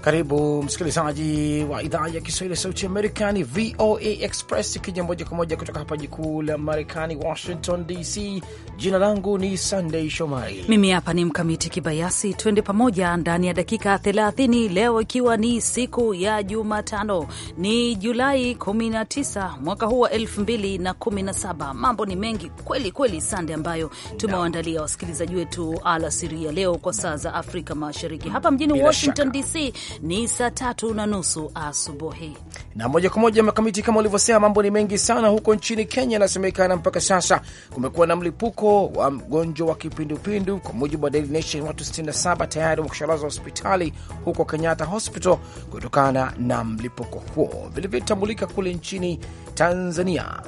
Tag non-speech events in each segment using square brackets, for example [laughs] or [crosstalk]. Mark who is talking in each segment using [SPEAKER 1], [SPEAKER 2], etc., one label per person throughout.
[SPEAKER 1] Karibu msikilizaji wa idhaa ya Kiswahili ya Sauti Amerikani, VOA Express, ikija moja kwa moja kutoka hapa jikuu la Marekani, Washington DC. Jina langu ni Sandei
[SPEAKER 2] Shomari, mimi hapa ni Mkamiti Kibayasi. Twende pamoja ndani ya dakika 30, leo ikiwa ni siku ya Jumatano, ni Julai 19 mwaka huu wa 2017. Mambo ni mengi kweli kweli, Sande, ambayo tumewaandalia wasikilizaji wetu alasiri ya leo kwa saa za Afrika Mashariki. Hapa mjini Washington DC ni saa tatu na nusu asubuhi.
[SPEAKER 1] Na moja kwa moja makamiti, kama ulivyosema, mambo ni mengi sana huko nchini Kenya. Inasemekana mpaka sasa kumekuwa na mlipuko wa mgonjwa wa kipindupindu. Kwa mujibu wa Daily Nation, watu 67 tayari wakushalaza hospitali huko Kenyatta Hospital kutokana na mlipuko huo. Vilivyotambulika kule nchini Tanzania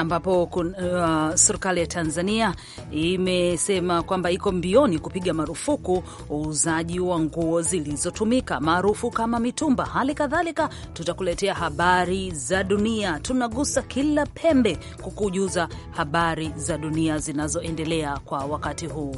[SPEAKER 2] ambapo uh, serikali ya Tanzania imesema kwamba iko mbioni kupiga marufuku uuzaji wa nguo zilizotumika maarufu kama mitumba. Hali kadhalika tutakuletea habari za dunia, tunagusa kila pembe kukujuza habari za dunia zinazoendelea kwa wakati huu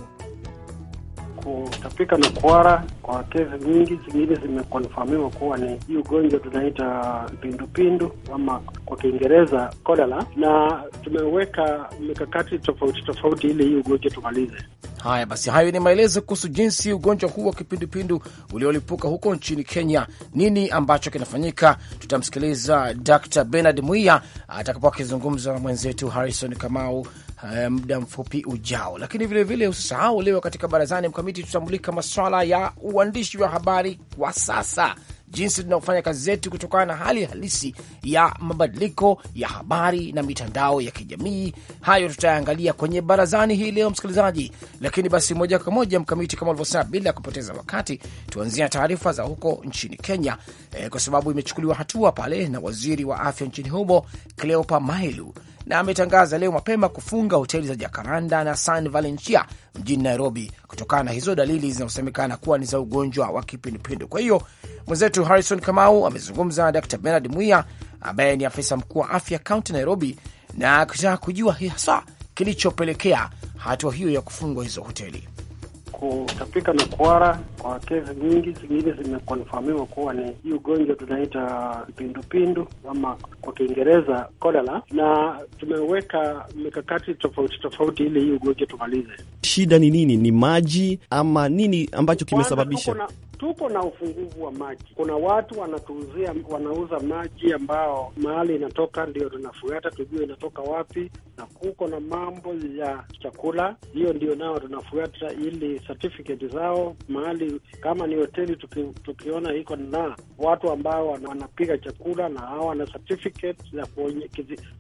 [SPEAKER 3] kutapika na kuara kwa kesi nyingi, zingine zimekonfamiwa kuwa ni hii ugonjwa tunaita pindupindu ama kwa Kiingereza kolera, na tumeweka mikakati tofauti tofauti ili hii ugonjwa tumalize.
[SPEAKER 1] Haya basi, hayo ni maelezo kuhusu jinsi ugonjwa huu wa kipindupindu uliolipuka huko nchini Kenya, nini ambacho kinafanyika. Tutamsikiliza Dr Bernard Mwiya atakapo akizungumza na mwenzetu Harrison Kamau Eh, muda mfupi ujao, lakini vilevile usisahau leo katika barazani mkamiti tutambulika maswala ya uandishi wa habari kwa sasa, jinsi tunaofanya kazi zetu kutokana na hali halisi ya mabadiliko ya habari na mitandao ya kijamii. Hayo tutayaangalia kwenye barazani hii leo, msikilizaji. Lakini basi moja kwa moja mkamiti, kama ulivyosema, bila ya kupoteza wakati, tuanzia taarifa za huko nchini Kenya eh, kwa sababu imechukuliwa hatua pale na waziri wa afya nchini humo Cleopa Mailu na ametangaza leo mapema kufunga hoteli za Jakaranda na San Valentia mjini Nairobi kutokana na hizo dalili zinazosemekana kuwa ni za ugonjwa wa kipindupindu. Kwa hiyo mwenzetu Harrison Kamau amezungumza na Dr Bernard Mwia ambaye ni afisa mkuu wa afya kaunti Nairobi na akitaka kujua hasa kilichopelekea hatua hiyo ya kufungwa hizo hoteli
[SPEAKER 3] kutapika na kuhara kwa kesi nyingi, zingine zimekonfamiwa kuwa ni hii ugonjwa tunaita kipindupindu ama kwa Kiingereza kolera, na tumeweka mikakati tofauti tofauti ili hii ugonjwa tumalize.
[SPEAKER 4] Shida ni nini? Ni maji ama nini ambacho kimesababisha?
[SPEAKER 3] tuko na ufunguvu wa maji. Kuna watu wanatuuzia, wanauza maji ambao mahali inatoka ndio tunafuata tujue inatoka wapi, na kuko na mambo ya chakula, hiyo ndio nao tunafuata ili certificate zao mahali, kama ni hoteli tuki, tukiona iko na watu ambao wanapiga chakula na hawa na certificate ya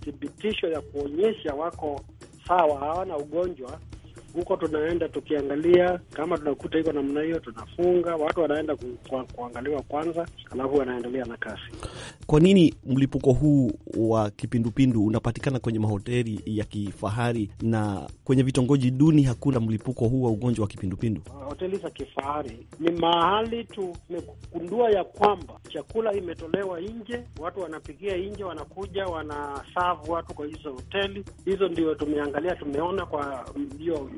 [SPEAKER 3] thibitisho ya kuonyesha wako sawa, hawana ugonjwa huko tunaenda tukiangalia, kama tunakuta iko namna hiyo tunafunga, watu wanaenda ku, ku, kuangaliwa kwanza, alafu wanaendelea na kazi.
[SPEAKER 4] Kwa nini mlipuko huu wa kipindupindu unapatikana kwenye mahoteli ya kifahari na kwenye vitongoji duni hakuna mlipuko huu wa ugonjwa wa kipindupindu?
[SPEAKER 3] Ah, hoteli za kifahari ni mahali tumegundua ya kwamba chakula imetolewa nje, watu wanapikia nje, wanakuja wanasavu watu kwa hizo hoteli hizo, ndio tumeangalia, tumeona kwa hiyo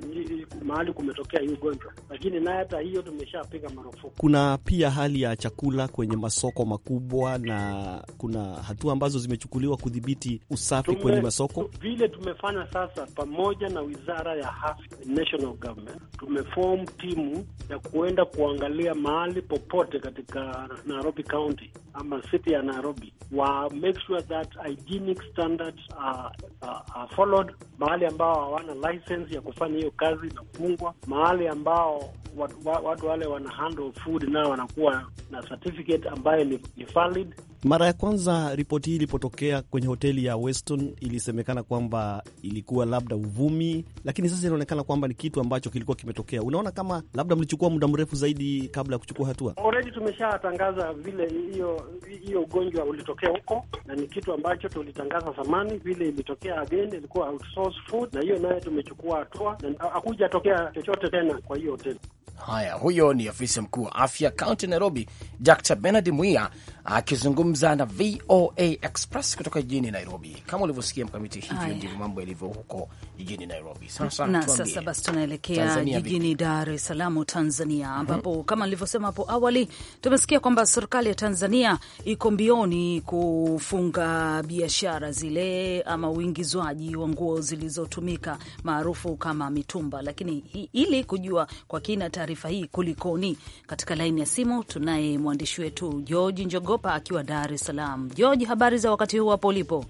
[SPEAKER 3] mahali kumetokea hii ugonjwa, lakini naye hata hiyo tumeshapiga marufuku.
[SPEAKER 4] Kuna pia hali ya chakula kwenye masoko makubwa, na kuna hatua ambazo zimechukuliwa kudhibiti usafi tume, kwenye masoko
[SPEAKER 3] vile tumefanya sasa, pamoja na wizara ya afya national government, tumeform timu ya kuenda kuangalia mahali popote katika Nairobi County ama city ya Nairobi wa make sure that hygienic standards are, are, are followed mahali ambao hawana license ya kufanya hiyo kazi inafungwa, mahali ambao watu, watu wale wana handle food nao wanakuwa na certificate ambayo ni, ni valid
[SPEAKER 4] mara ya kwanza ripoti hii ilipotokea kwenye hoteli ya Weston ilisemekana kwamba ilikuwa labda uvumi, lakini sasa inaonekana kwamba ni kitu ambacho kilikuwa kimetokea. Unaona kama labda mlichukua muda mrefu zaidi kabla ya kuchukua hatua?
[SPEAKER 3] tumesha tumeshatangaza vile hiyo hiyo ugonjwa ulitokea huko, na ni kitu ambacho tulitangaza zamani. Vile ilitokea again, ilikuwa food, na hiyo naye tumechukua hatua, na hakujatokea chochote tena kwa hiyo hoteli.
[SPEAKER 1] Haya, huyo ni afisa mkuu wa afya kaunti Nairobi, Dr Benard Mwia akizungumza na VOA Express kutoka jijini Nairobi. Kama ulivyosikia Mkamiti, hivyo ndivyo mambo yalivyo huko jijini Nairobi. Sasa na sasa
[SPEAKER 2] basi tunaelekea jijini Dar es Salaam, Tanzania, mhm. ambapo mm -hmm. kama nilivyosema hapo awali, tumesikia kwamba serikali ya Tanzania iko mbioni kufunga biashara zile ama uingizwaji wa nguo zilizotumika maarufu kama mitumba, lakini ili kujua kwa kina taarifa hii kulikoni. Katika laini ya simu tunaye mwandishi wetu George Njogopa akiwa Dar es Salaam. George, habari za wakati huu hapo ulipo?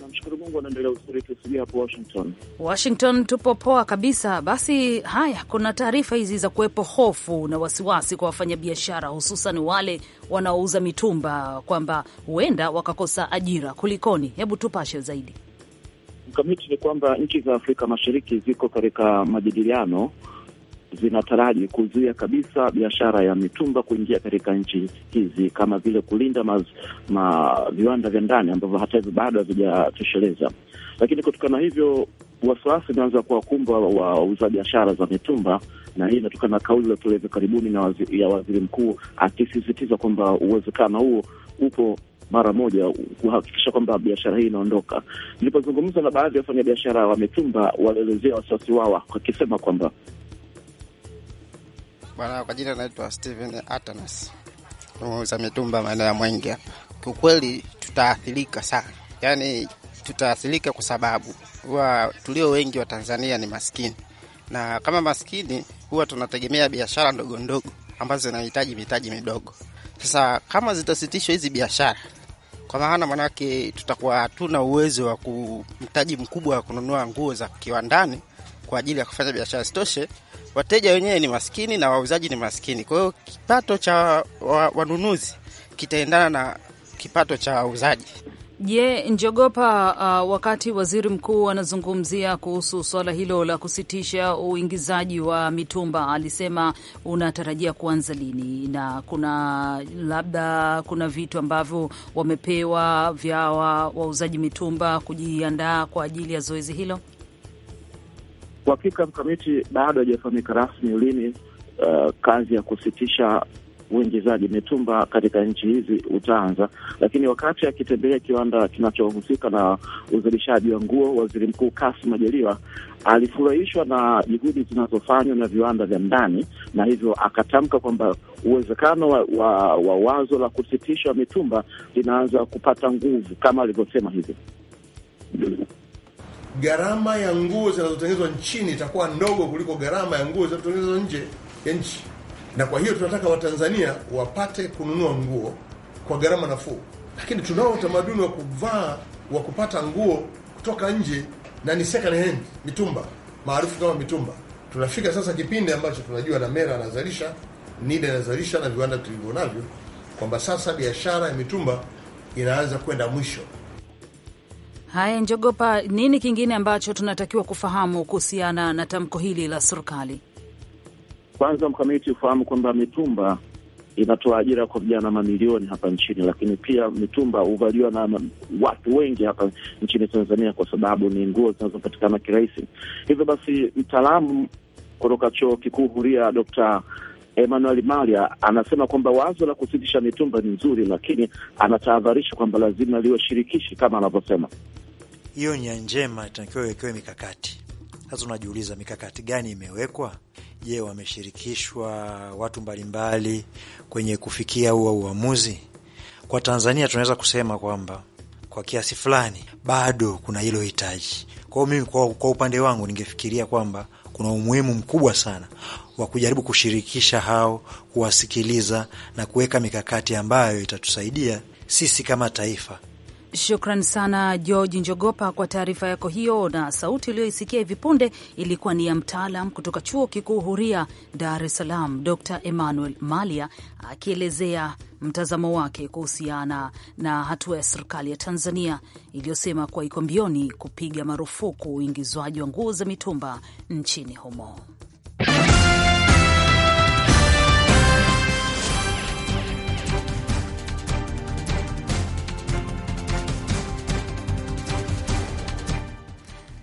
[SPEAKER 5] Namshukuru Mungu anaendelea uzuri, hapo Washington.
[SPEAKER 2] Washington tupo poa kabisa. Basi haya, kuna taarifa hizi za kuwepo hofu na wasiwasi kwa wafanyabiashara, hususan wale wanaouza mitumba kwamba huenda wakakosa ajira. Kulikoni? Hebu tupashe zaidi.
[SPEAKER 5] Mkamiti ni kwamba nchi za Afrika Mashariki ziko katika majadiliano zinataraji kuzuia kabisa biashara ya mitumba kuingia katika nchi hizi, kama vile kulinda ma, ma viwanda vya ndani ambavyo hata hivyo bado havijatosheleza. Lakini kutokana na hivyo wasiwasi umeanza kuwakumba wauza biashara za mitumba, na hii inatokana na kauli iliyotolewa hivi karibuni na wazi, ya waziri mkuu akisisitiza kwamba uwezekano huo upo mara moja kuhakikisha kwamba biashara hii inaondoka. Nilipozungumza na baadhi ya wafanyabiashara wa mitumba, walielezea wasiwasi wao wakisema kwamba
[SPEAKER 1] Bwana, kwa jina naitwa Steven Atanas, muuza mitumba maeneo ya Mwenge hapa. Kiukweli tutaathirika sana, yaani tutaathirika kwa sababu huwa tulio wengi wa Tanzania ni maskini, na kama maskini huwa tunategemea biashara ndogo ndogo ambazo zinahitaji mitaji midogo. Sasa kama zitasitishwa hizi biashara, kwa maana manake tutakuwa hatuna uwezo wa kumtaji mkubwa wa kununua nguo za kiwandani kwa ajili ya kufanya biashara. Sitoshe, wateja wenyewe ni maskini na wauzaji ni maskini. Kwa hiyo kipato cha
[SPEAKER 2] wanunuzi kitaendana na kipato cha wauzaji. Je, njogopa uh, wakati waziri mkuu anazungumzia kuhusu suala hilo la kusitisha uingizaji wa mitumba, alisema unatarajia kuanza lini, na kuna labda kuna vitu ambavyo wamepewa vya wauzaji mitumba kujiandaa kwa ajili ya zoezi hilo?
[SPEAKER 5] Kwa hakika mkamiti, bado haijafahamika rasmi lini uh, kazi ya kusitisha uingizaji mitumba katika nchi hizi utaanza, lakini wakati akitembelea kiwanda kinachohusika na uzalishaji wa nguo, waziri mkuu Kassim Majaliwa alifurahishwa na juhudi zinazofanywa na viwanda vya ndani, na hivyo akatamka kwamba uwezekano wa, wa, wa wazo la kusitishwa mitumba linaanza kupata nguvu kama alivyosema hivyo
[SPEAKER 4] gharama ya nguo zinazotengenezwa nchini itakuwa ndogo kuliko gharama ya nguo zinazotengenezwa nje ya nchi, na kwa hiyo tunataka Watanzania wapate kununua nguo kwa gharama nafuu, lakini tunao utamaduni wa kuvaa wa kupata nguo kutoka nje na ni second hand, mitumba maarufu kama mitumba. Tunafika sasa kipindi ambacho tunajua na Mera anazalisha, Nida anazalisha na viwanda tulivyo navyo, kwamba sasa biashara ya mitumba inaanza kwenda mwisho.
[SPEAKER 2] Haya, Njogopa, nini kingine ambacho tunatakiwa kufahamu kuhusiana na tamko hili la serikali?
[SPEAKER 5] Kwanza mkamiti ufahamu kwamba mitumba inatoa ajira kwa vijana mamilioni hapa nchini, lakini pia mitumba huvaliwa na watu wengi hapa nchini Tanzania kwa sababu ni nguo zinazopatikana kirahisi. Hivyo basi, mtaalamu kutoka chuo kikuu huria Dr. Emmanuel Malia anasema kwamba wazo la kusitisha mitumba ni nzuri, lakini anatahadharisha kwamba lazima liwe shirikishi kama anavyosema
[SPEAKER 6] hiyo nia njema itakiwa iwekewe mikakati. Sasa unajiuliza mikakati gani imewekwa? Je, wameshirikishwa watu mbalimbali kwenye kufikia huo uamuzi? Kwa Tanzania tunaweza kusema kwamba kwa kiasi fulani bado kuna hilo hitaji. Kwa mimi kwa, kwa upande wangu ningefikiria kwamba kuna umuhimu mkubwa sana wa kujaribu kushirikisha hao, kuwasikiliza na kuweka mikakati ambayo itatusaidia sisi kama taifa
[SPEAKER 2] Shukran sana George Njogopa kwa taarifa yako hiyo. Na sauti uliyoisikia hivi punde ilikuwa ni ya mtaalam kutoka chuo kikuu huria Dar es Salaam, Dr Emmanuel Malia akielezea mtazamo wake kuhusiana na hatua ya serikali ya Tanzania iliyosema kuwa iko mbioni kupiga marufuku uingizwaji wa nguo za mitumba nchini humo.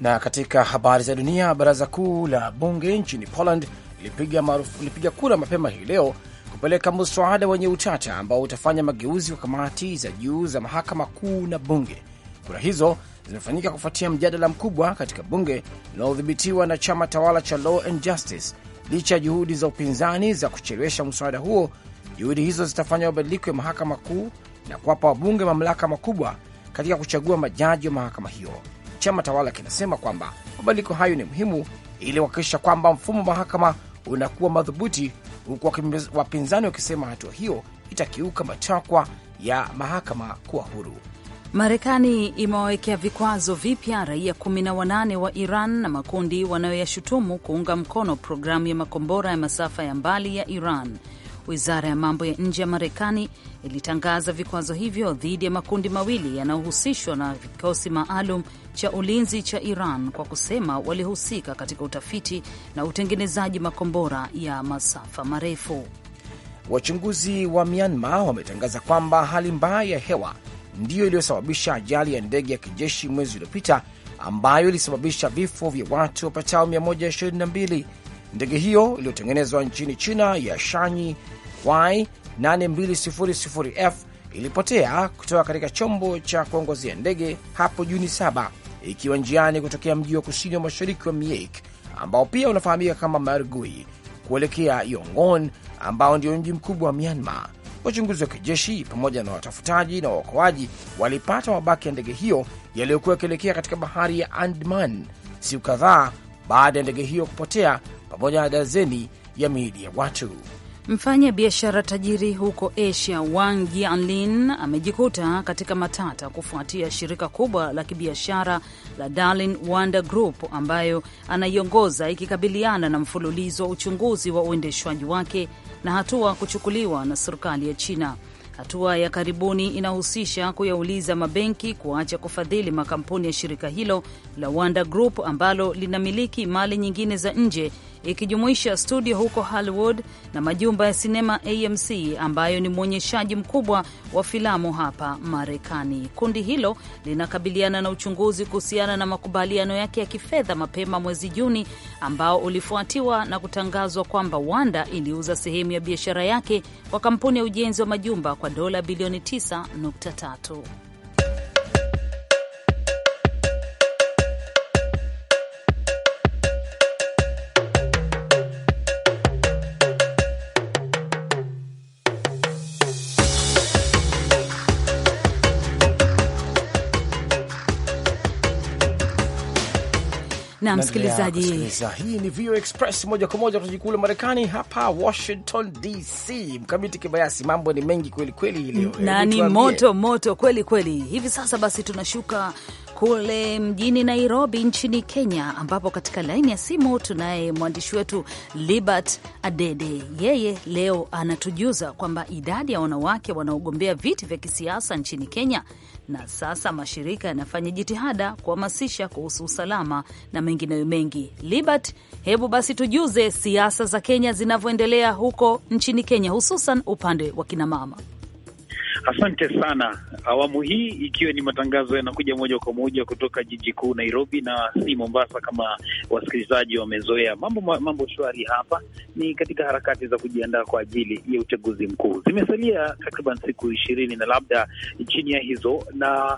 [SPEAKER 1] Na katika habari za dunia, baraza kuu la bunge nchini Poland lilipiga, marufu, lilipiga kura mapema hii leo kupeleka mswada wenye utata ambao utafanya mageuzi kwa kamati za juu za mahakama kuu na bunge. Kura hizo zimefanyika kufuatia mjadala mkubwa katika bunge linalodhibitiwa na chama tawala cha Law and Justice. Licha ya juhudi za upinzani za kuchelewesha mswada huo, juhudi hizo zitafanya mabadiliko ya mahakama kuu na kuwapa wabunge mamlaka makubwa katika kuchagua majaji wa mahakama hiyo. Chama tawala kinasema kwamba mabadiliko hayo ni muhimu ili kuhakikisha kwamba mfumo wa mahakama unakuwa madhubuti, huku wapinzani wakisema hatua hiyo itakiuka matakwa ya mahakama kuwa huru.
[SPEAKER 2] Marekani imewawekea vikwazo vipya raia 8 wa Iran na makundi wanayoyashutumu kuunga mkono programu ya makombora ya masafa ya mbali ya Iran. Wizara ya mambo ya nje ya Marekani ilitangaza vikwazo hivyo dhidi ya makundi mawili yanayohusishwa na vikosi maalum cha ulinzi cha Iran kwa kusema walihusika katika utafiti na utengenezaji makombora ya masafa marefu.
[SPEAKER 1] Wachunguzi wa Myanmar wametangaza kwamba hali mbaya ya hewa ndiyo iliyosababisha ajali ya ndege ya kijeshi mwezi uliopita ambayo ilisababisha vifo vya watu wapatao 122. Ndege hiyo iliyotengenezwa nchini China ya Shanyi Y8200F ilipotea kutoka katika chombo cha kuongozia ndege hapo Juni saba ikiwa njiani kutokea mji wa kusini wa mashariki wa Miek ambao pia unafahamika kama Margui kuelekea yongon ambao ndio mji mkubwa wa Myanmar. Wachunguzi wa kijeshi pamoja na watafutaji na waokoaji walipata mabaki ya ndege hiyo yaliyokuwa yakielekea katika bahari ya Andaman siku kadhaa baada ya ndege hiyo kupotea pamoja na dazeni ya miili ya watu.
[SPEAKER 2] Mfanya biashara tajiri huko Asia Wang Yanlin amejikuta katika matata kufuatia shirika kubwa la kibiashara la Darling Wonder Group ambayo anaiongoza ikikabiliana na mfululizo wa uchunguzi wa uendeshwaji wake na hatua kuchukuliwa na serikali ya China. Hatua ya karibuni inahusisha kuyauliza mabenki kuacha kufadhili makampuni ya shirika hilo la Wanda Group ambalo linamiliki mali nyingine za nje ikijumuisha studio huko Hollywood na majumba ya sinema AMC ambayo ni mwonyeshaji mkubwa wa filamu hapa Marekani. Kundi hilo linakabiliana na uchunguzi kuhusiana na makubaliano yake ya kifedha mapema mwezi Juni, ambao ulifuatiwa na kutangazwa kwamba Wanda iliuza sehemu ya biashara yake kwa kampuni ya ujenzi wa majumba kwa dola bilioni 9.3. na msikilizaji,
[SPEAKER 1] hii ni VOA Express moja kwa moja kutoka jiji kuu la Marekani hapa Washington DC. Mkamiti Kibayasi, mambo ni mengi kweli kweli, na eh, ni moto
[SPEAKER 2] moto kweli kweli hivi sasa. Basi tunashuka kule mjini Nairobi nchini Kenya, ambapo katika laini ya simu tunaye mwandishi wetu Libert Adede. Yeye leo anatujuza kwamba idadi ya wanawake wanaogombea viti vya kisiasa nchini Kenya, na sasa mashirika yanafanya jitihada kuhamasisha kuhusu usalama na mengineyo mengi. Libert, hebu basi tujuze siasa za Kenya zinavyoendelea huko nchini Kenya, hususan upande wa kinamama.
[SPEAKER 6] Asante sana. Awamu hii ikiwa ni matangazo yanakuja moja kwa moja kutoka jiji kuu Nairobi na si Mombasa kama wasikilizaji wamezoea. Mambo mambo shwari hapa, ni katika harakati za kujiandaa kwa ajili ya uchaguzi mkuu. Zimesalia takriban siku ishirini na labda chini ya hizo, na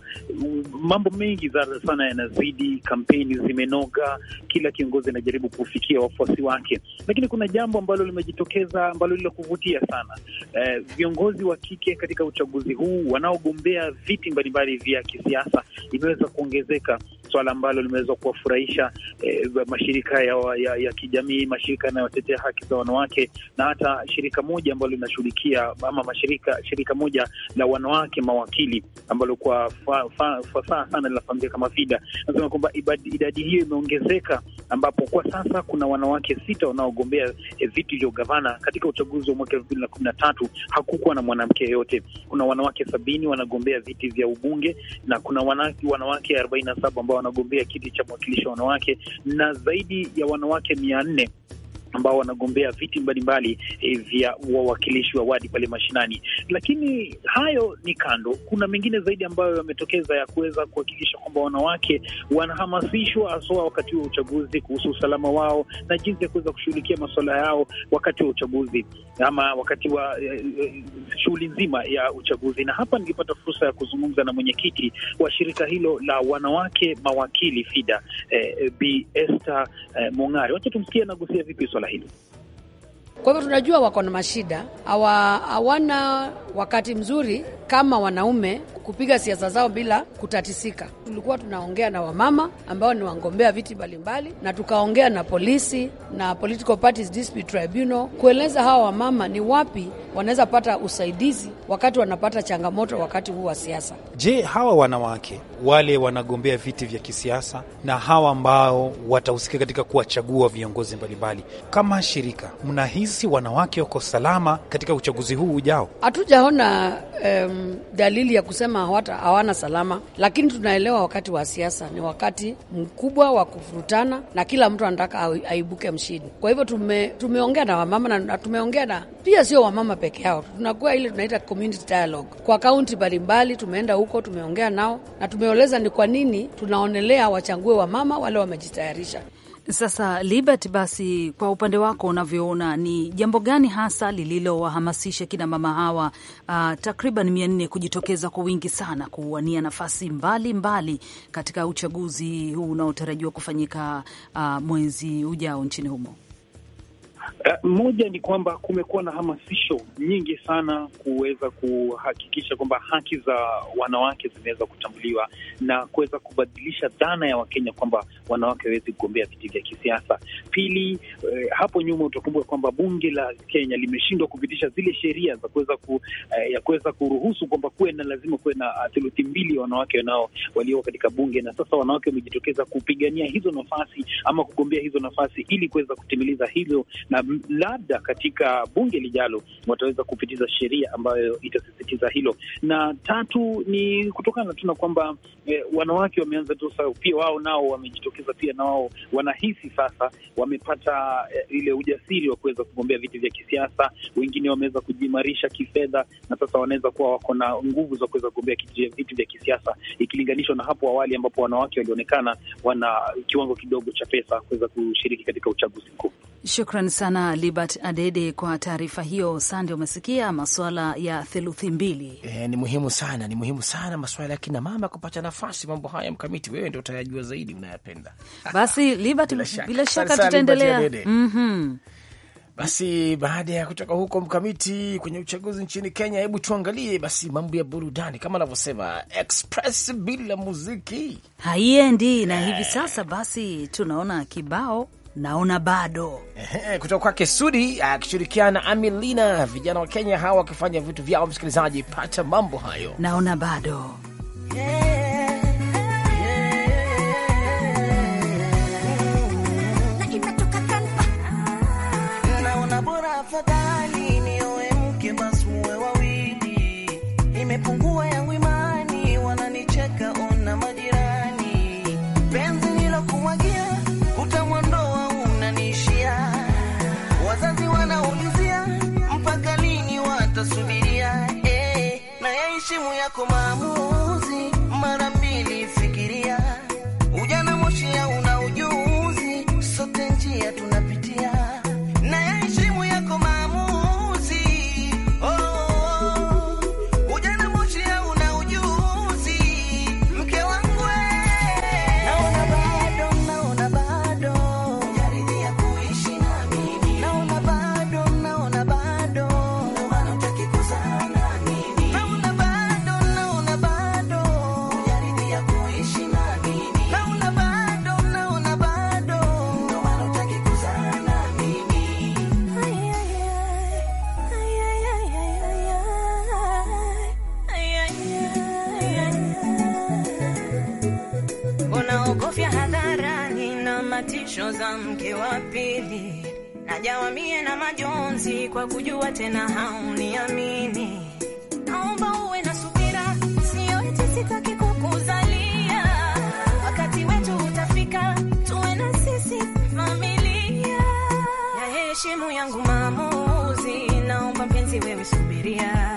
[SPEAKER 6] mambo mengi sana yanazidi. Kampeni zimenoga, kila kiongozi anajaribu kufikia wafuasi wake, lakini kuna jambo ambalo limejitokeza ambalo lilokuvutia sana, eh, viongozi wa kike katika uchaguzi uchaguzi huu wanaogombea viti mbalimbali vya kisiasa imeweza kuongezeka, swala ambalo limeweza kuwafurahisha eh, mashirika ya, ya, ya kijamii, mashirika yanayotetea haki za wanawake na hata shirika moja ambalo linashughulikia ama mashirika shirika moja la wanawake mawakili ambalo kwa fasaha fa, fa, sana linafahamika kama FIDA, nasema kwamba idadi hiyo imeongezeka ambapo kwa sasa kuna wanawake sita wanaogombea e, viti vya ugavana katika uchaguzi wa mwaka elfu mbili na kumi na tatu. Hakukuwa na mwanamke yeyote. Kuna wanawake sabini wanagombea viti vya ubunge na kuna wanawake arobaini na saba ambao wanagombea kiti cha mwakilishi wa wanawake na zaidi ya wanawake mia nne ambao wanagombea viti mbalimbali e, vya wawakilishi wa wadi pale mashinani. Lakini hayo ni kando, kuna mengine zaidi ambayo yametokeza ya kuweza kuhakikisha kwamba wanawake wanahamasishwa haswa wakati wa uchaguzi kuhusu usalama wao na jinsi ya kuweza kushughulikia masuala yao wakati wa uchaguzi ama wakati wa e, e, shughuli nzima ya uchaguzi. Na hapa nilipata fursa ya kuzungumza na mwenyekiti wa shirika hilo la wanawake mawakili FIDA, e, Bi Esther e, Mong'are. Wacha tumsikie anagusia vipi swala
[SPEAKER 2] hili. Kwa hivyo tunajua wako na mashida, hawana wakati mzuri kama wanaume kupiga siasa zao bila kutatisika. Tulikuwa tunaongea na wamama ambao ni wagombea viti mbalimbali, na tukaongea na polisi na Political Parties Dispute Tribunal kueleza hawa wamama ni wapi wanaweza pata usaidizi wakati wanapata changamoto wakati huu wa siasa.
[SPEAKER 6] Je, hawa wanawake wale wanagombea viti vya kisiasa na hawa ambao watahusika katika kuwachagua viongozi mbalimbali, kama shirika, mnahisi wanawake wako salama katika uchaguzi huu ujao?
[SPEAKER 2] Hatujaona um, dalili ya kusema hawata, hawana salama, lakini tunaelewa wakati wa siasa ni wakati mkubwa wa kufurutana na kila mtu anataka aibuke mshindi. Kwa hivyo tume, tumeongea na wamama na tumeongea na pia sio wamama peke yao, tunakuwa ile tunaita community dialogue kwa kaunti mbalimbali. Tumeenda huko tumeongea nao na tumeeleza ni kwa nini tunaonelea wachangue wamama wale wamejitayarisha. Sasa Libert, basi kwa upande wako unavyoona ni jambo gani hasa lililowahamasisha kina mama hawa uh, takriban mia nne kujitokeza kwa wingi sana kuwania nafasi mbalimbali mbali katika uchaguzi huu unaotarajiwa kufanyika uh, mwezi ujao nchini humo?
[SPEAKER 6] Uh, moja ni kwamba kumekuwa na hamasisho nyingi sana kuweza kuhakikisha kwamba haki za wanawake zimeweza kutambuliwa na kuweza kubadilisha dhana ya Wakenya kwamba wanawake hawezi kugombea viti vya kisiasa. Pili, eh, hapo nyuma utakumbuka kwamba bunge la Kenya limeshindwa kupitisha zile sheria za kuweza ku, eh, ya kuweza kuruhusu kwamba kuwe na lazima kuwe na theluthi mbili ya wanawake nao walio katika bunge, na sasa wanawake wamejitokeza kupigania hizo nafasi ama kugombea hizo nafasi ili kuweza kutimiliza hilo na na labda katika bunge lijalo wataweza kupitiza sheria ambayo itasisitiza hilo. Na tatu ni kutokana tu na kwamba eh, wanawake wameanza tu pia wao nao wamejitokeza pia na wao wanahisi sasa wamepata eh, ile ujasiri wa kuweza kugombea viti vya kisiasa. Wengine wameweza kujiimarisha kifedha na sasa wanaweza kuwa wako na nguvu za kuweza kugombea viti vya kisiasa ikilinganishwa na hapo awali ambapo wanawake walionekana wana kiwango kidogo cha pesa kuweza kushiriki katika uchaguzi mkuu.
[SPEAKER 2] Shukran sana sana Libert Adede kwa taarifa hiyo. Sande, umesikia masuala ya theluthi mbili. E, ni muhimu sana, ni muhimu sana masuala ya kina mama kupata nafasi. Mambo haya Mkamiti, wewe ndio
[SPEAKER 1] utayajua zaidi, unayapenda
[SPEAKER 2] [laughs] basi Libert, bila shaka, shaka tutaendelea mhm.
[SPEAKER 1] Basi baada ya kutoka huko Mkamiti kwenye uchaguzi nchini Kenya, hebu tuangalie basi mambo ya burudani. Kama anavyosema Express, bila muziki
[SPEAKER 2] haiendi. Na hivi sasa basi tunaona kibao naona bado
[SPEAKER 1] kutoka kwake Sudi akishirikiana na Amilina, vijana wa Kenya hawa wakifanya vitu vyao. Msikilizaji,
[SPEAKER 2] pata mambo hayo, naona bado yeah. yeah, yeah,
[SPEAKER 7] yeah. testemunha como amor.
[SPEAKER 8] kujua tena hauniamini. Naomba uwe na subira, sio eti sitaki kukuzalia. Wakati wetu utafika, tuwe na sisi familia. Na heshimu yangu maamuzi, naomba mpenzi, wewe subiria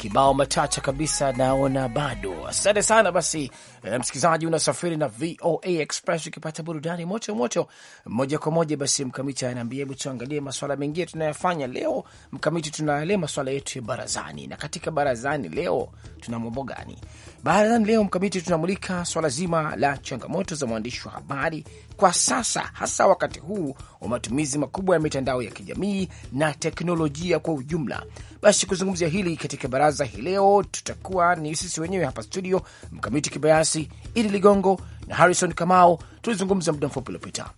[SPEAKER 1] kibao matata kabisa, naona bado. Asante sana basi E, msikilizaji unasafiri na VOA Express ukipata burudani moto moto moja kwa moja. Basi mkamiti anaambia, hebu tuangalie maswala mengine tunayofanya leo. Mkamiti, tunaelewa maswala yetu ya barazani, na katika barazani leo tuna mambo gani? Barazani leo mkamiti, tunamulika swala zima la changamoto za mwandishi wa habari kwa sasa, hasa wakati huu wa matumizi makubwa ya mitandao ya kijamii na teknolojia kwa ujumla. Basi kuzungumzia hili katika baraza hii leo tutakuwa ni sisi wenyewe hapa studio, mkamiti kibayasi Kibayasi, Idi Ligongo na Harrison Kamau tulizungumza muda mfupi uliopita.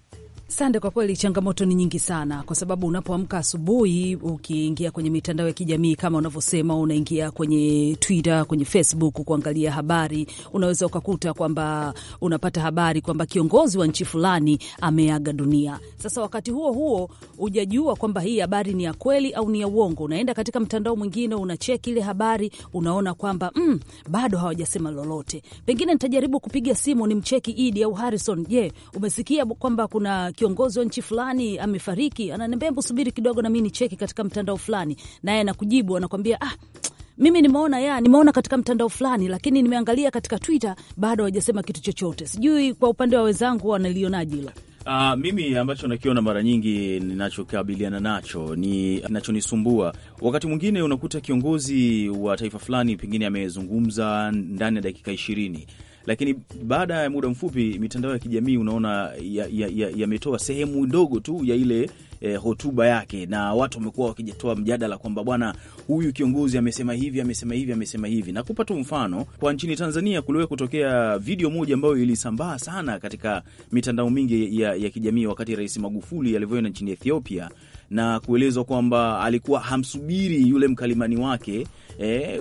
[SPEAKER 2] Sande, kwa kweli changamoto ni nyingi sana, kwa sababu unapoamka asubuhi, ukiingia kwenye mitandao ya kijamii kama unavyosema, unaingia kwenye Twitter, kwenye Facebook kuangalia habari, unaweza ukakuta kwamba unapata habari kwamba kiongozi wa nchi fulani ameaga dunia. Sasa wakati huo huo hujajua kwamba hii habari ni ya kweli au ni ya uongo. Unaenda katika mtandao mwingine, unacheki ile habari, unaona kwamba mm, bado hawajasema lolote. Pengine nitajaribu kupiga simu nimcheki Idi au Harrison. Je, umesikia kwamba kuna kiongozi wa nchi fulani amefariki, ananiambia hebu subiri kidogo, na nami nicheki katika mtandao fulani, naye anakujibu anakwambia ah mimi nimeona ya nimeona katika mtandao fulani, lakini nimeangalia katika Twitter bado hawajasema kitu chochote. Sijui kwa upande wa wenzangu wanalionaje hilo.
[SPEAKER 9] Uh, mimi ambacho nakiona mara nyingi ninachokabiliana nacho ni kinachonisumbua wakati mwingine unakuta kiongozi wa taifa fulani pengine amezungumza ndani ya dakika ishirini lakini baada ya muda mfupi mitandao ya kijamii unaona yametoa ya, ya sehemu ndogo tu ya ile eh, hotuba yake, na watu wamekuwa wakijatoa mjadala kwamba bwana, huyu kiongozi amesema hivi amesema hivi amesema hivi. Na kupa tu mfano kwa nchini Tanzania, kuliwe kutokea video moja ambayo ilisambaa sana katika mitandao mingi ya, ya kijamii wakati Rais Magufuli alivyoenda nchini Ethiopia na kuelezwa kwamba alikuwa hamsubiri yule mkalimani wake eh,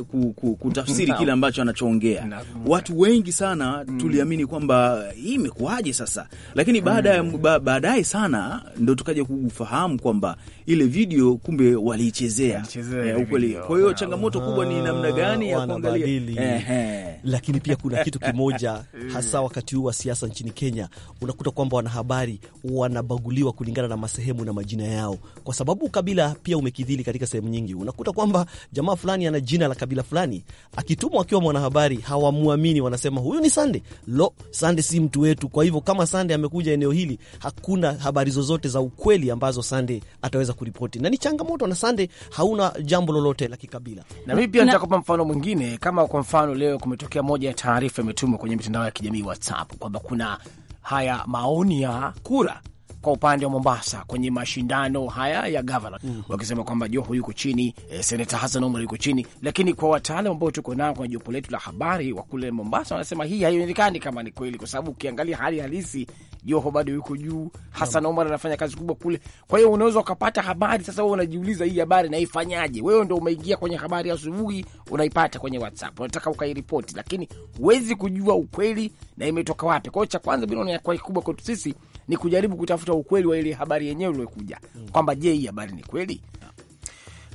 [SPEAKER 9] kutafsiri kile ambacho anachoongea. Watu wengi sana tuliamini kwamba hii imekuwaje sasa, lakini baadaye mm. baadaye sana ndo tukaja kufahamu kwamba ile video kumbe waliichezea eh, ukweli. Kwa hiyo changamoto Aha, kubwa ni namna gani ya kuangalia eh, lakini pia kuna kitu kimoja [laughs]
[SPEAKER 4] hasa wakati huu wa siasa nchini Kenya, unakuta kwamba wanahabari wanabaguliwa kulingana na masehemu na majina yao, kwa sababu kabila pia umekidhili katika sehemu nyingi. Unakuta kwamba jamaa fulani ana jina la kabila fulani, akitumwa akiwa mwanahabari hawamwamini, wanasema huyu ni Sande. Lo, Sande si mtu wetu. Kwa hivyo kama Sande amekuja eneo hili, hakuna habari zozote za ukweli ambazo Sande ataweza kuripoti, na ni changamoto na sande, hauna jambo lolote la kikabila. Na mimi pia
[SPEAKER 1] nitakupa mfano mwingine, kama kwa mfano leo kumetokea moja ya taarifa imetumwa kwenye mitandao ya kijamii WhatsApp kwamba kuna haya maoni ya kura kwa upande wa Mombasa kwenye mashindano haya ya gavana mm. -hmm. wakisema kwamba Joho yuko chini e, eh, seneta Hassan Omar yuko chini, lakini kwa wataalam ambao tuko nao kwenye jopo letu la habari wa kule Mombasa wanasema hii haionekani kama ni kweli, kwa sababu ukiangalia hali halisi Joho bado yuko juu, Hassan Omar anafanya kazi kubwa kule. Kwa hiyo unaweza ukapata habari sasa, wewe unajiuliza hii habari naifanyaje? Wewe ndo umeingia kwenye habari asubuhi, unaipata kwenye WhatsApp, unataka ukairipoti, lakini huwezi kujua ukweli na imetoka wapi. Kwa hiyo cha kwanza, binaona kwa kubwa kwetu sisi ni kujaribu kutafuta ukweli wa ile habari yenyewe uliokuja, mm. kwamba je, hii habari ni kweli?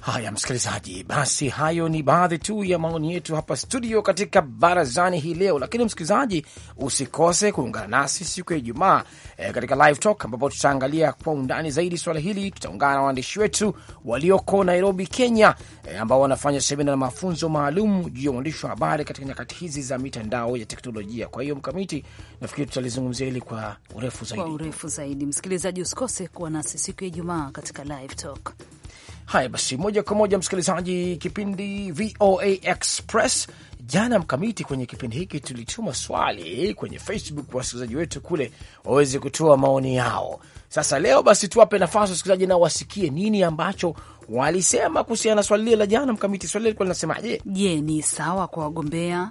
[SPEAKER 1] Haya msikilizaji, basi hayo ni baadhi tu ya maoni yetu hapa studio katika barazani hii leo, lakini msikilizaji, usikose kuungana nasi siku ya Ijumaa e, katika live talk ambapo tutaangalia kwa undani zaidi swala hili. Tutaungana na waandishi wetu walioko Nairobi, Kenya, e, ambao wanafanya semina na mafunzo maalum juu ya uandishi wa habari katika nyakati hizi za mitandao ya teknolojia. Kwa hiyo Mkamiti, nafikiri tutalizungumzia hili kwa urefu zaidi, kwa
[SPEAKER 2] urefu zaidi. Msikilizaji, usikose kuwa nasi siku ya Ijumaa katika live talk.
[SPEAKER 1] Haya basi, moja kwa moja msikilizaji, kipindi VOA Express. Jana mkamiti, kwenye kipindi hiki tulituma swali kwenye Facebook kwa wasikilizaji wetu kule waweze kutoa maoni yao. Sasa leo basi tuwape nafasi wasikilizaji nao wasikie nini ambacho walisema kuhusiana na swali lile la jana.
[SPEAKER 2] Mkamiti, swali lilikuwa linasemaje? Je, ni sawa kwa wagombea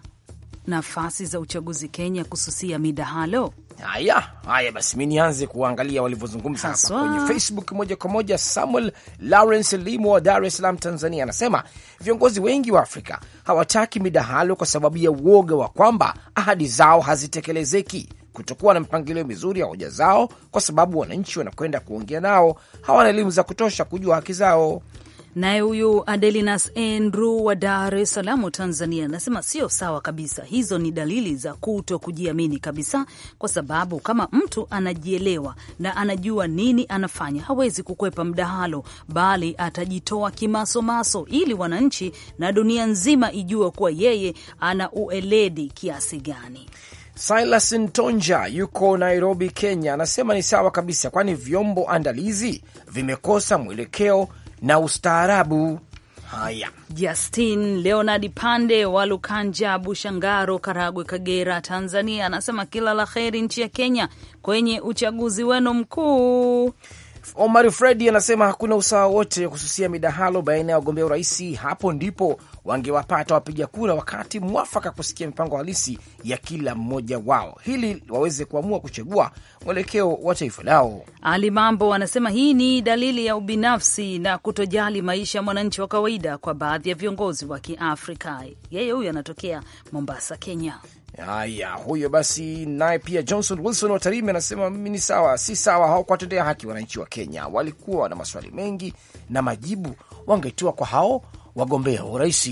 [SPEAKER 2] nafasi za uchaguzi Kenya kususia midahalo.
[SPEAKER 1] Haya haya, basi mi nianze kuangalia walivyozungumza hapa kwenye Facebook moja kwa moja. Samuel Lawrence Limo wa Dar es Salaam, Tanzania, anasema viongozi wengi wa Afrika hawataki midahalo kwa sababu ya uoga wa kwamba ahadi zao hazitekelezeki, kutokuwa na mpangilio mizuri ya hoja zao, kwa sababu wananchi wanakwenda kuongea nao hawana elimu za kutosha kujua haki zao.
[SPEAKER 2] Naye huyu Adelinas Andrew wa Dar es Salaam, Tanzania, anasema sio sawa kabisa. Hizo ni dalili za kuto kujiamini kabisa, kwa sababu kama mtu anajielewa na anajua nini anafanya, hawezi kukwepa mdahalo, bali atajitoa kimasomaso, ili wananchi na dunia nzima ijue kuwa yeye ana ueledi kiasi gani.
[SPEAKER 1] Silas Ntonja yuko Nairobi, Kenya, anasema ni sawa kabisa, kwani vyombo andalizi vimekosa mwelekeo na ustaarabu. Haya,
[SPEAKER 2] Justin Leonard Pande wa Lukanja, Bushangaro, Karagwe, Kagera, Tanzania anasema kila la heri nchi ya Kenya kwenye uchaguzi wenu mkuu.
[SPEAKER 1] Omar Fredi anasema hakuna usawa wote kususia midahalo baina ya wagombea urais. Hapo ndipo wangewapata wapiga kura wakati mwafaka kusikia mipango halisi ya kila mmoja wao, hili waweze kuamua kuchagua mwelekeo wa taifa lao.
[SPEAKER 2] Ali Mambo anasema hii ni dalili ya ubinafsi na kutojali maisha ya mwananchi wa kawaida kwa baadhi ya viongozi wa Kiafrika. Yeye huyu anatokea Mombasa, Kenya.
[SPEAKER 1] Haya, huyo basi. Naye pia Johnson Wilson wa Tarime anasema mimi ni sawa, si sawa, hawakuwatendea haki wananchi wa Kenya. Walikuwa wana maswali mengi na majibu wangetoa kwa hao wagombea urais.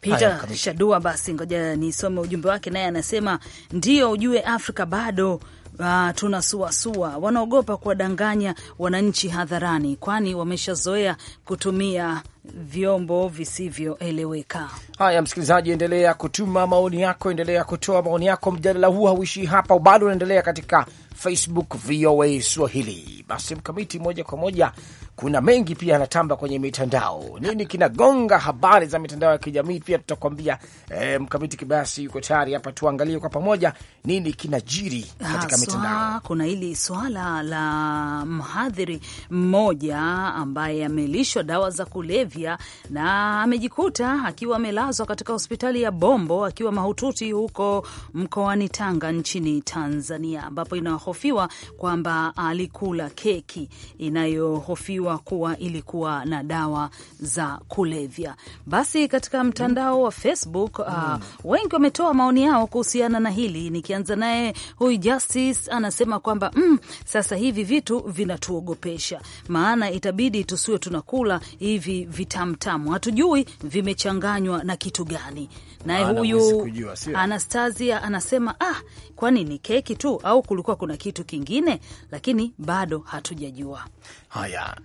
[SPEAKER 1] Peter
[SPEAKER 2] Shadua, basi ngoja nisome ujumbe wake, naye anasema ndio ujue Afrika bado ah, tunasuasua, wanaogopa kuwadanganya wananchi hadharani, kwani wameshazoea kutumia vyombo visivyoeleweka. Haya, msikilizaji, endelea kutuma maoni yako, endelea kutoa maoni yako. Mjadala
[SPEAKER 1] huu hauishii hapa, bado unaendelea katika Facebook VOA Swahili. Basi mkamiti, moja kwa moja kuna mengi pia yanatamba kwenye mitandao, nini kinagonga habari za mitandao ya kijamii pia tutakwambia. E, mkamiti Kibasi yuko tayari hapa, tuangalie kwa pamoja
[SPEAKER 2] nini kinajiri katika mitandao. Kuna hili swala la mhadhiri mmoja ambaye amelishwa dawa za kulevya na amejikuta akiwa amelazwa katika hospitali ya Bombo akiwa mahututi huko mkoani Tanga nchini Tanzania, ambapo inahofiwa kwamba alikula keki inayohofiwa inadaiwa kuwa ilikuwa na dawa za kulevya. Basi katika mtandao wa Facebook uh, mm. uh, wengi wametoa maoni yao kuhusiana na hili, nikianza naye huyu Justice anasema kwamba mm, sasa hivi vitu vinatuogopesha, maana itabidi tusiwe tunakula hivi vitamtamu, hatujui vimechanganywa na kitu gani. Naye huyu Anastasia anasema ah, kwani ni keki tu au kulikuwa kuna kitu kingine? Lakini bado hatujajua. Haya,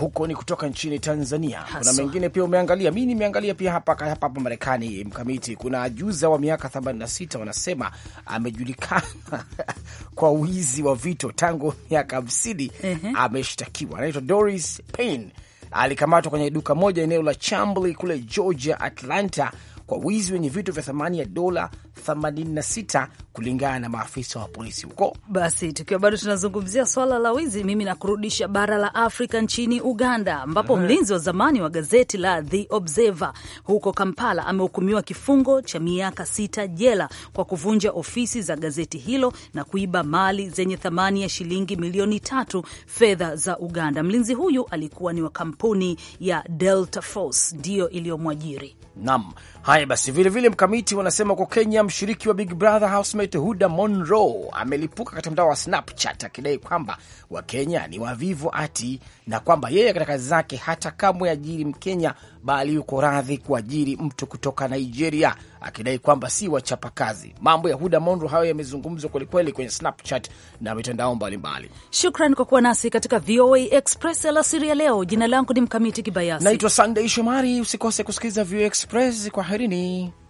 [SPEAKER 2] huko ni kutoka nchini Tanzania Haso. Kuna mengine pia umeangalia, mi nimeangalia
[SPEAKER 1] pia hapa hapa hapa Marekani mkamiti, kuna ajuza wa miaka 86 wanasema amejulikana [laughs] kwa wizi wa vito tangu miaka -huh. Ameshtakiwa, anaitwa Doris Payne, alikamatwa kwenye duka moja eneo la Chambly kule Georgia, Atlanta kwa wizi wenye vitu vya thamani ya dola 86 kulingana na maafisa wa polisi
[SPEAKER 2] huko. Basi tukiwa bado tunazungumzia swala la wizi, mimi nakurudisha bara la Afrika nchini Uganda, ambapo mlinzi wa zamani wa gazeti la The Observer huko Kampala amehukumiwa kifungo cha miaka sita jela kwa kuvunja ofisi za gazeti hilo na kuiba mali zenye thamani ya shilingi milioni tatu fedha za Uganda. Mlinzi huyu alikuwa ni wa kampuni ya Delta Force ndiyo iliyomwajiri.
[SPEAKER 1] Naam, haya basi, vilevile mkamiti wanasema kwa Kenya, mshiriki wa Big Brother House huda Monroe amelipuka katika mtandao wa Snapchat akidai kwamba Wakenya ni wavivu ati na kwamba yeye katika kazi zake hata kamwe ajiri Mkenya bali yuko radhi kuajiri mtu kutoka Nigeria, akidai kwamba si wachapa kazi Mambo ya Huda Monroe hayo yamezungumzwa kwelikweli kwenye Snapchat na mitandao mbalimbali.
[SPEAKER 2] Shukran kwa kuwa nasi katika VOA Express alasiri ya leo. Jina langu ni Mkamiti Kibayasi, naitwa Sandey Shomari. Usikose kusikiliza VOA Express. Kwaherini.